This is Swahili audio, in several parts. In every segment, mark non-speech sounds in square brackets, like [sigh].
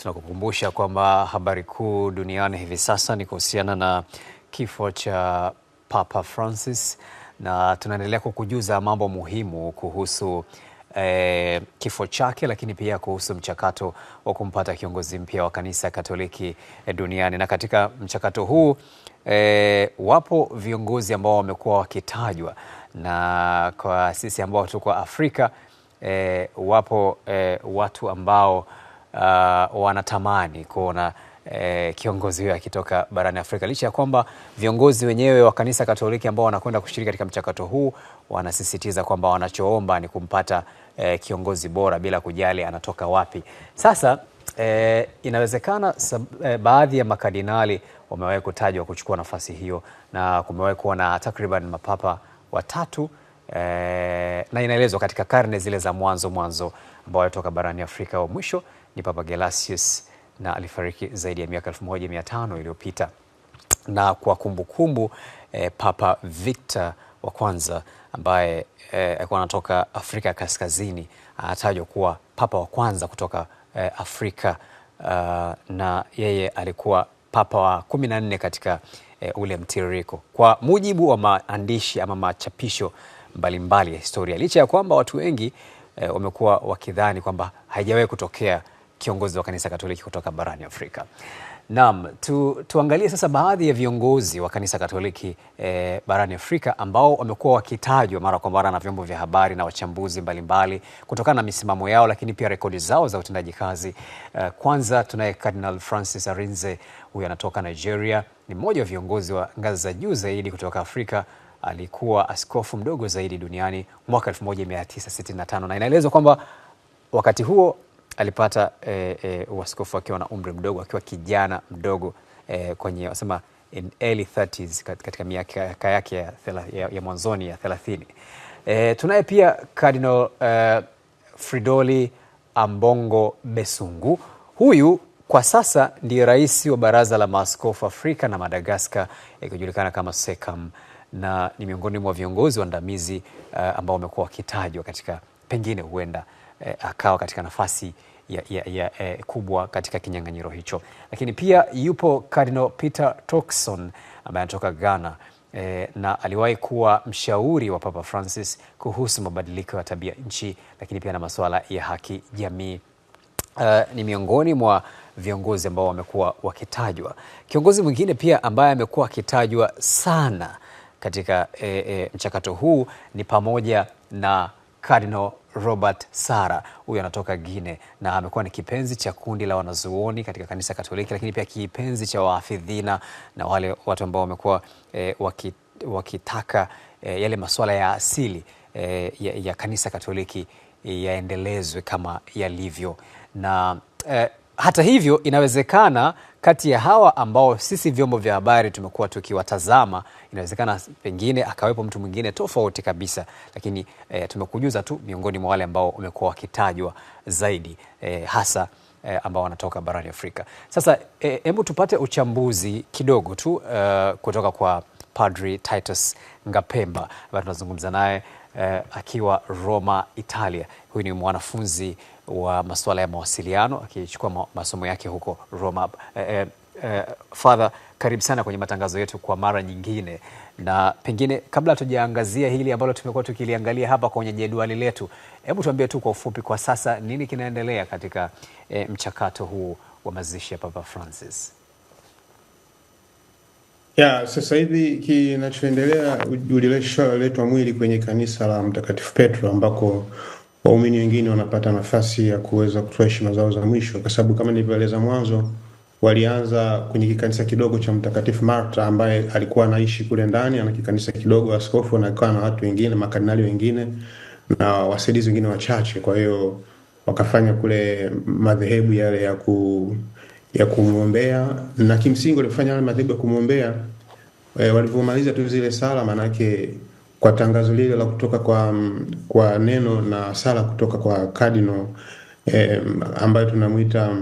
Tunakukumbusha kwamba habari kuu duniani hivi sasa ni kuhusiana na kifo cha Papa Francis na tunaendelea kukujuza mambo muhimu kuhusu eh, kifo chake, lakini pia kuhusu mchakato wa kumpata kiongozi mpya wa kanisa Katoliki eh, duniani. Na katika mchakato huu eh, wapo viongozi ambao wamekuwa wakitajwa, na kwa sisi ambao tuko Afrika eh, wapo eh, watu ambao uh, wanatamani kuona eh, kiongozi huyo akitoka barani Afrika, licha ya kwamba viongozi wenyewe wa kanisa Katoliki ambao wanakwenda kushiriki katika mchakato huu wanasisitiza kwamba wanachoomba ni kumpata eh, kiongozi bora bila kujali anatoka wapi. Sasa eh, inawezekana eh, baadhi ya makardinali wamewahi kutajwa kuchukua nafasi hiyo na kumewahi kuwa na takriban mapapa watatu eh, na inaelezwa katika karne zile za mwanzo mwanzo ambao walitoka barani Afrika wa mwisho ni Papa Gelasius na alifariki zaidi ya miaka 1500 iliyopita. Na kwa kumbukumbu kumbu, eh, Papa Victor wa kwanza ambaye eh, alikuwa eh, anatoka Afrika Kaskazini anatajwa kuwa papa wa kwanza kutoka eh, Afrika uh, na yeye alikuwa papa wa 14 katika eh, ule mtiririko kwa mujibu wa maandishi ama machapisho mbalimbali ya historia, licha ya kwamba watu wengi eh, wamekuwa wakidhani kwamba haijawahi kutokea kiongozi wa kanisa Katoliki kutoka barani Afrika. Naam, tu, tuangalie sasa baadhi ya viongozi wa kanisa Katoliki eh, barani Afrika ambao wamekuwa wakitajwa mara kwa mara na vyombo vya habari na wachambuzi mbalimbali kutokana na misimamo yao, lakini pia rekodi zao za utendaji kazi. Eh, kwanza tunaye Cardinal Francis Arinze, huyu anatoka Nigeria, ni mmoja wa viongozi wa ngazi za juu zaidi kutoka Afrika. Alikuwa askofu mdogo zaidi duniani mwaka 1965 na inaelezwa kwamba wakati huo alipata e, e, uaskofu akiwa na umri mdogo, akiwa kijana mdogo e, kwenye wasema in early 30s, katika miaka yake ya, ya, ya mwanzoni ya 30. E, tunaye pia Cardinal e, Fridoli Ambongo Besungu. Huyu kwa sasa ndiye rais wa Baraza la Maaskofu Afrika na Madagaskar, ikijulikana kama SECAM, na ni miongoni mwa viongozi waandamizi uh, ambao wamekuwa wakitajwa katika pengine huenda eh, akawa katika nafasi ya, ya, ya, eh, kubwa katika kinyang'anyiro hicho. Lakini pia yupo Cardinal Peter Turkson ambaye anatoka Ghana eh, na aliwahi kuwa mshauri wa Papa Francis kuhusu mabadiliko ya tabia nchi, lakini pia na masuala ya haki jamii. Uh, ni miongoni mwa viongozi ambao wamekuwa wakitajwa. Kiongozi mwingine pia ambaye amekuwa akitajwa sana katika e, e, mchakato huu ni pamoja na Cardinal Robert Sara huyu anatoka Gine na amekuwa ni kipenzi cha kundi la wanazuoni katika kanisa Katoliki, lakini pia kipenzi cha waafidhina na wale watu ambao wamekuwa e, wakitaka e, yale masuala ya asili e, ya, ya kanisa Katoliki yaendelezwe kama yalivyo na e, hata hivyo, inawezekana kati ya hawa ambao sisi vyombo vya habari tumekuwa tukiwatazama, inawezekana pengine akawepo mtu mwingine tofauti kabisa, lakini e, tumekujuza tu miongoni mwa wale ambao wamekuwa wakitajwa zaidi e, hasa e, ambao wanatoka barani Afrika. Sasa hebu e, tupate uchambuzi kidogo tu e, kutoka kwa Padri Titus Ngapemba ambayo tunazungumza naye e, akiwa Roma, Italia. Huyu ni mwanafunzi wa masuala ya mawasiliano akichukua masomo yake huko Roma. Eh, eh, eh, Father, karibu sana kwenye matangazo yetu kwa mara nyingine, na pengine kabla hatujaangazia hili ambalo tumekuwa tukiliangalia hapa kwenye jedwali letu, hebu tuambie tu kwa ufupi, kwa sasa nini kinaendelea katika eh, mchakato huu wa mazishi ya Papa Francis? Ya, sasa hivi kinachoendelea, uliletwa mwili kwenye kanisa la Mtakatifu Petro ambako waumini wengine wanapata nafasi ya kuweza kutoa heshima zao za mwisho, kwa sababu kama nilivyoeleza mwanzo, walianza kwenye kikanisa kidogo cha Mtakatifu Marta ambaye alikuwa anaishi kule ndani, ana kikanisa kidogo, askofu anakaa na watu wengine, makardinali wengine na wasaidizi wengine wachache. Kwa hiyo wakafanya kule madhehebu yale ya ku ya kumwombea, na kimsingi walifanya madhehebu ya kumwombea e, walivyomaliza tu zile sala, maanake kwa tangazo lile la kutoka kwa, kwa neno na sala kutoka kwa Cardinal eh, ambayo tunamwita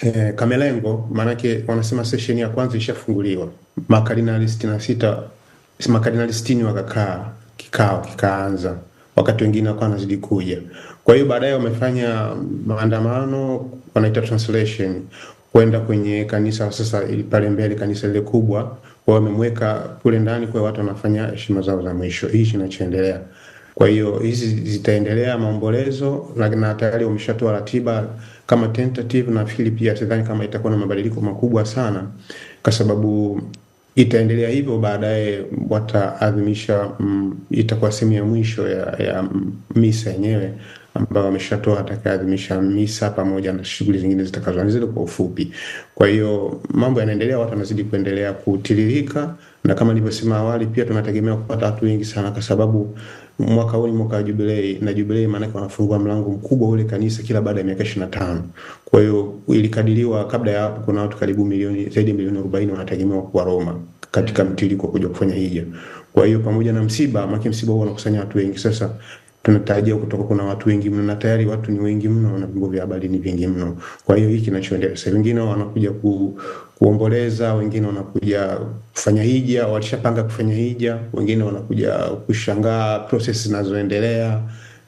eh, Kamelengo. Maanake wanasema sesheni ya kwanza ishafunguliwa, makardinali sitini na sita makardinali sitini wakakaa kikao kikaanza, wakati wengine wakawa wanazidi kuja. Kwa hiyo baadaye wamefanya maandamano, wanaita translation, kwenda kwenye kanisa sasa pale mbele, kanisa lile kubwa kwao, wamemweka kule ndani, kwa watu wanafanya heshima zao za mwisho. Hichi inachoendelea. Kwa hiyo hizi zitaendelea maombolezo, na tayari wameshatoa ratiba kama tentative. Nafikiri pia sidhani kama itakuwa na mabadiliko makubwa sana, kwa sababu itaendelea hivyo, baadaye wataadhimisha mm, itakuwa sehemu ya mwisho ya, ya mm, misa yenyewe ambao ameshatoa atakayeadhimisha misa pamoja na shughuli zingine zitakazoanzishwa kwa ufupi. Kwa hiyo mambo yanaendelea, watu wanazidi kuendelea kutiririka, na kama nilivyosema awali, pia tunategemea kupata watu wengi sana, kwa sababu mwaka huu ni mwaka wa jubilei, na jubilei maanake wanafungua mlango mkubwa ule kanisa kila baada ya miaka ishirini na tano. Kwa hiyo ilikadiriwa kabla ya hapo kuna watu karibu milioni zaidi ya milioni arobaini wanategemewa kuwa Roma katika mtiririko kuja kufanya hija. Kwa hiyo pamoja na msiba, maki msiba huo unakusanya watu wengi. Sasa tunatarajia kutoka kuna watu wengi mno, na tayari watu ni wengi mno na vyombo vya habari ni vingi mno. Kwa hiyo hiki kinachoendelea sasa, wengine wanakuja ku, kuomboleza, wengine wanakuja kufanya hija, walishapanga kufanya hija, wengine wanakuja kushangaa process zinazoendelea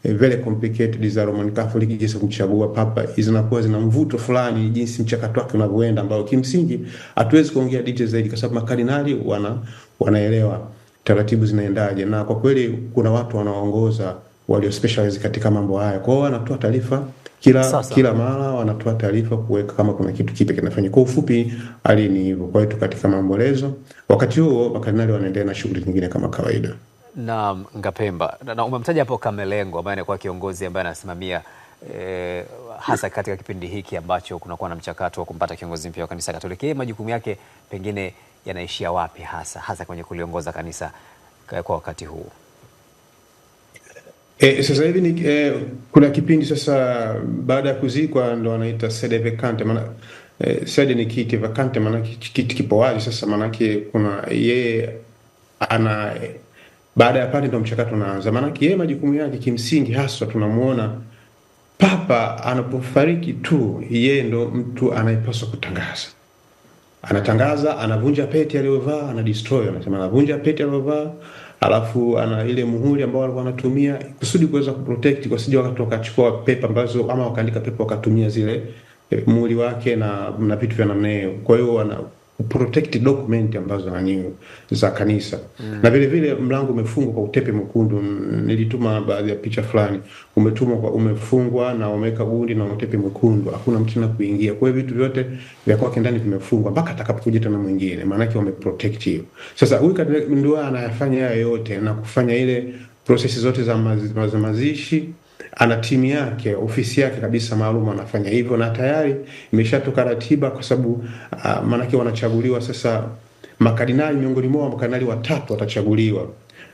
eh, very complicated za Roman Catholic, jinsi kumchagua papa zinakuwa zina mvuto fulani, jinsi mchakato wake unavyoenda, ambao kimsingi hatuwezi kuongea details zaidi, kwa sababu makardinali wana wanaelewa taratibu zinaendaje, na kwa kweli kuna watu wanaongoza walio specialize katika mambo haya. Kwa hiyo wanatoa taarifa kila Sasa, kila mara wanatoa taarifa kuweka kama kuna kitu kipi kinafanyika. Kwa ufupi, hali ni hivyo. Kwa hiyo katika maombolezo, wakati huo makardinali wanaendelea na shughuli nyingine kama kawaida. Na Ngapemba, na na umemtaja hapo Kamelengo ambaye anakuwa kiongozi ambaye anasimamia eh, hasa katika kipindi hiki ambacho kunakuwa na mchakato wa kumpata kiongozi mpya wa kanisa Katoliki. majukumu yake pengine yanaishia wapi hasa hasa kwenye kuliongoza kanisa eh, kwa wakati huu? E, sasa hivi ni e, kuna kipindi sasa baada ya kuzikwa ndo wanaita sede vacante, maana e, sede ni kiti, vacante maana kiti kipo wazi. Sasa maana kuna yeye ana e, baada ya pale ndo mchakato unaanza, maana yeye majukumu yake kimsingi haswa tunamuona Papa anapofariki tu, yeye ndo mtu anayepaswa kutangaza. Anatangaza, anavunja pete aliyovaa, anadestroy, anasema anavunja pete aliyovaa alafu ana ile muhuri ambao walikuwa wanatumia kusudi kuweza kuprotect wasije wakati wakachukua pepa ambazo ama wakaandika pepa wakatumia zile eh, muhuri wake na na vitu vya namna hiyo. Kwa hiyo kuprotect document ambazo ni za kanisa mm. Na vile vile mlango umefungwa kwa utepe mwekundu. Nilituma baadhi ya picha fulani, umetumwa kwa umefungwa na umeweka gundi na utepe mwekundu, hakuna mtu na kuingia. Kwa hiyo vitu vyote vya kwake ndani vimefungwa mpaka atakapokuja tena mwingine, maana yake wameprotect hiyo. Sasa huyu kadri ndio anayafanya yote na kufanya ile prosesi zote za mazishi ana timu yake, ofisi yake kabisa maalum anafanya hivyo, na tayari imeshatoka ratiba, kwa sababu uh, maanake wanachaguliwa sasa makardinali, miongoni mwao makardinali watatu watachaguliwa,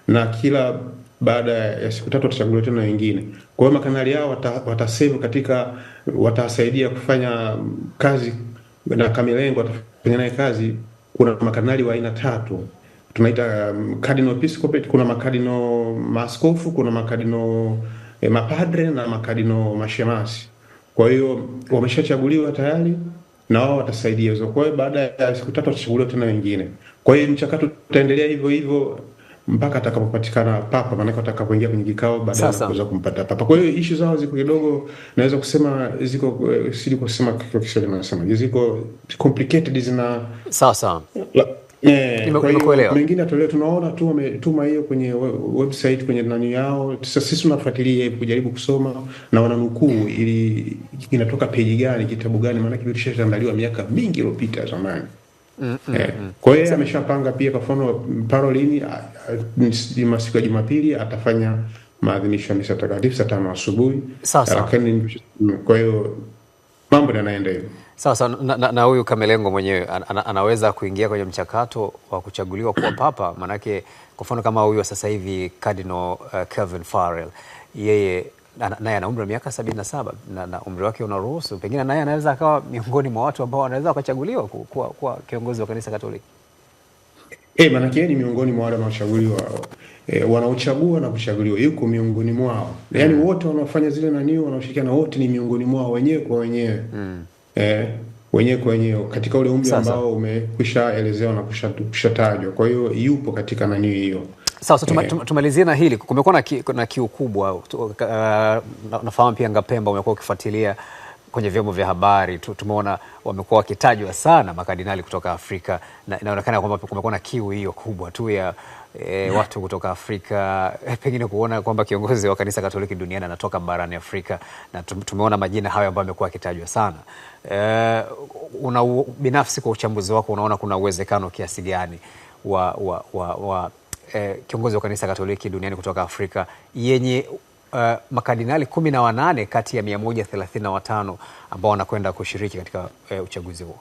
na kila baada ya siku tatu watachaguliwa tena wengine. Kwa hiyo makardinali hao watasehemu wata katika, watasaidia kufanya kazi na Kamilengo watafanya naye kazi. Kuna makardinali wa aina tatu tunaita um, cardinal episcopate, kuna makardinali maaskofu, kuna makardinali e, mapadre na makadino mashemasi. Kwa hiyo wameshachaguliwa tayari na wao watasaidia hizo. Kwa hiyo baada ya siku tatu watachaguliwa tena wengine. Kwa hiyo mchakato utaendelea hivyo hivyo mpaka atakapopatikana papa, maanake atakapoingia kwenye kikao ya kuweza kumpata papa. Kwa hiyo ishu zao ziko kidogo, naweza kusema ziko eh, sijui kusema kwa Kiswahili, nasema ziko complicated, zina sawa sawa Yeah, Mengine atolea tunaona tu wametuma hiyo kwenye website kwenye nani yao. Sasa sisi tunafuatilia kujaribu kusoma na wananukuu ili inatoka peji gani, kitabu gani, maana kilishaandaliwa miaka mingi iliyopita zamani. Mm, yeah. Mm, mm, mm. Kwa hiyo ameshapanga pia kwa mfano Parolini masiku ya Jumapili atafanya maadhimisho ya misa takatifu saa tano asubuhi. Sasa. Lakini kwa hiyo mambo yanaenda hivyo. Sawa na, na, na huyu Kamelengo mwenyewe an, anaweza kuingia kwenye mchakato wa kuchaguliwa kuwa [clears throat] papa, maanake kwa mfano kama huyu sasa hivi Cardinal uh, Kevin Farrell yeye naye ana umri wa miaka sabini na saba na, na umri wake unaruhusu pengine naye anaweza akawa miongoni mwa watu ambao wanaweza wakachaguliwa kuwa kiongozi wa kanisa Katoliki. hey, eh, maanake ni miongoni mwa wale wanaochaguliwa e, wanaochagua na kuchaguliwa yuko miongoni mwao yaani mm. Yani wote wanaofanya zile nani wanaoshirikiana wote ni miongoni mwao wenyewe kwa wenyewe mm. e, wenyewe kwa wenyewe katika ule umri ambao umekwishaelezewa elezewa na kushatajwa. Kwa hiyo yupo katika nani hiyo. Sasa e. tumalizie na hili, kumekuwa na kiu kubwa. Uh, nafahamu pia Ngapemba umekuwa ukifuatilia kwenye vyombo vya habari tumeona wamekuwa wakitajwa sana makardinali kutoka Afrika na inaonekana kwamba kumekuwa na kiu hiyo kubwa tu ya e, watu kutoka Afrika e, pengine kuona kwamba kiongozi wa kanisa Katoliki duniani anatoka barani Afrika na tumeona majina hayo ambayo yamekuwa yakitajwa sana. E, una binafsi kwa uchambuzi wako unaona kuna uwezekano kiasi gani wa, wa, wa, wa e, kiongozi wa kanisa Katoliki duniani kutoka Afrika yenye uh, makardinali kumi na wanane kati ya 135 ambao wanakwenda kushiriki katika uh, uchaguzi huo.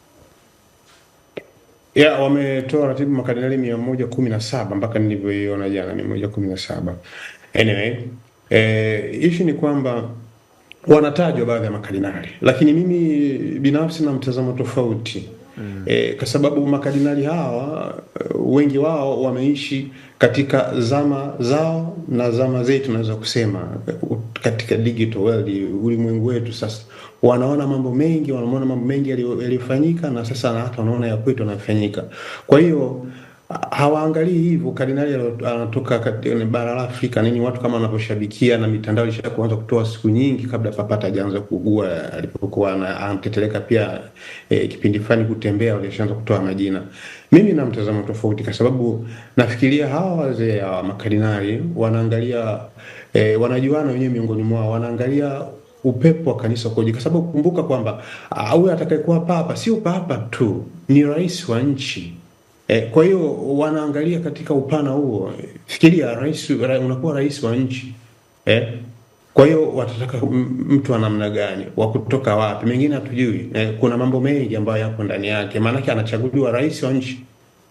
Yeah, wametoa ratibu makardinali 117 mpaka nilivyoiona jana 117. Anyway, eh, issue ni kwamba wanatajwa baadhi ya makardinali, lakini mimi binafsi na mtazamo tofauti mm. E, kwa sababu makadinali hawa eh, wengi wao wameishi katika zama zao na zama zetu, tunaweza kusema katika digital world, ulimwengu wetu sasa wanaona mambo mengi, wanaona mambo mengi yaliyofanyika na sasa na hata wanaona ya kwetu yanafanyika. Kwa hiyo hawaangalii hivyo. Kardinali anatoka katika bara la Afrika nini, watu kama wanavyoshabikia, na mitandao ilisha kuanza kutoa siku nyingi kabla Papa hatajaanza kuugua, alipokuwa anateteleka pia e, kipindi fulani kutembea, walishaanza kutoa majina. Mimi na mtazamo tofauti, kwa sababu nafikiria hawa wazee wa makardinali wanaangalia e, wanajuana wenyewe miongoni mwao, wanaangalia upepo wa kanisa ukoje, kwa sababu kumbuka kwamba huyu atakayekuwa papa sio papa tu, ni rais wa nchi E, kwa hiyo wanaangalia katika upana huo. Fikiria rais, unakuwa rais wa nchi e? Kwa hiyo watataka mtu wa namna gani, wa kutoka wapi? Mengine hatujui e, kuna mambo mengi ambayo yako ndani yake, maanake anachaguliwa rais wa nchi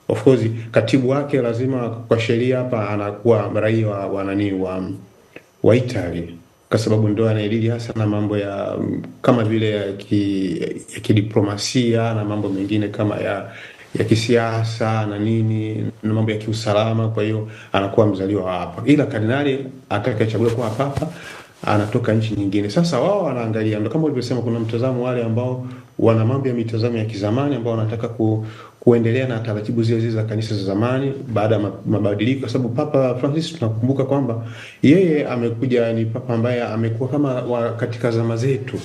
of course, katibu wake lazima kwa sheria hapa anakuwa raia wa, wa nani wa, wa Italy kwa sababu ndo anaelili hasa na mambo ya kama vile ya kidiplomasia ki na mambo mengine kama ya ya kisiasa na nini na mambo ya kiusalama. Kwa hiyo anakuwa mzaliwa hapa, ila kardinali akachaguliwa kuwa papa anatoka nchi nyingine. Sasa wao wanaangalia, ndio kama ulivyosema, kuna mtazamo wale ambao wana mambo ya mitazamo ya kizamani ambao wanataka ku, kuendelea na taratibu zile zile za kanisa za zamani baada ya mabadiliko, kwa sababu Papa Francis tunakumbuka kwamba yeye amekuja, ni papa ambaye amekuwa kama katika zama zetu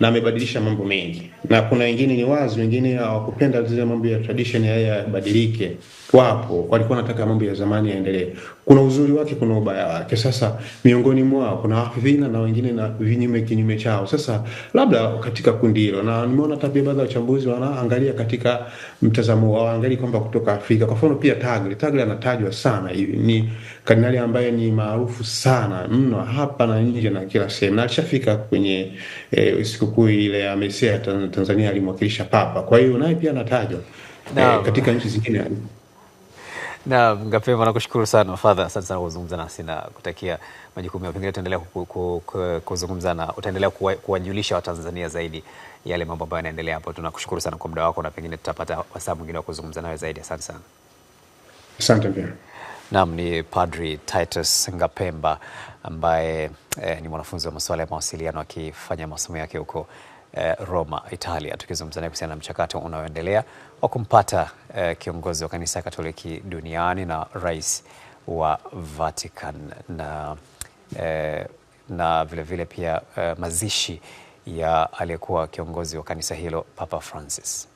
na amebadilisha mambo mengi, na kuna wengine ni wazi, wengine hawakupenda zile mambo ya tradition haya yabadilike wapo walikuwa wanataka mambo ya zamani yaendelee. Kuna uzuri wake, kuna ubaya wake. Sasa miongoni mwao kuna wafidhina na wengine na vinyume kinyume chao. Sasa labda katika kundi hilo, na nimeona tabia baadhi ya wachambuzi wanaangalia katika mtazamo wao, angalia kwamba kutoka Afrika, kwa mfano pia Tagle, Tagle anatajwa sana hivi, ni kardinali ambaye ni maarufu sana mno hapa na nje na kila sehemu, na alishafika kwenye e, sikukuu ile ya Mesia Tanzania, alimwakilisha Papa. Kwa hiyo naye pia anatajwa eh, no. e, katika nchi zingine na Mapema, nakushukuru sana Fadha, asante sana kuzungumza nasi na kutakia majukumu yao. Pengine tutaendelea kuzungumza na utaendelea kuwajulisha Watanzania zaidi yale mambo ambayo yanaendelea hapo. Tunakushukuru sana kwa muda wako na pengine tutapata wasaa mwingine wa kuzungumza nawe zaidi. Asante sana. Asante pia. Naam, ni Padri Titus Ngapemba ambaye eh, ni mwanafunzi wa masuala ya mawasiliano akifanya masomo yake huko eh, Roma, Italia, tukizungumza naye kuhusiana na mchakato unaoendelea wa kumpata eh, kiongozi wa kanisa Katoliki duniani na rais wa Vatican na eh, na vile vile pia eh, mazishi ya aliyekuwa kiongozi wa kanisa hilo Papa Francis.